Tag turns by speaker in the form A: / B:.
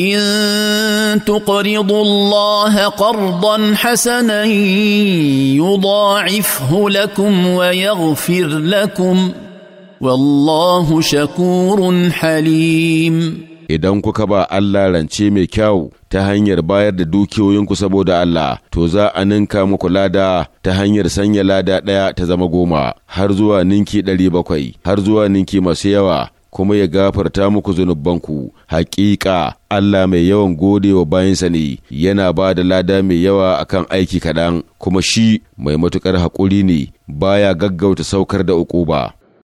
A: ان تقرضوا الله قرضا حسنا يضاعفه لكم ويغفر لكم
B: والله شكور حليم idan kuka ba Allah rance mai kyau ta hanyar bayar da dukiyoyinku saboda Allah, to za a ninka muku lada ta hanyar sanya lada ɗaya ta zama goma, har zuwa ninki ɗari bakwai, har zuwa ninki masu yawa, kuma ya gafarta muku zunubanku hakika Allah mai yawan gode wa bayansa ne yana ba da lada mai yawa akan aiki kaɗan kuma shi mai matuƙar haƙuri ne baya gaggauta saukar da uku ba.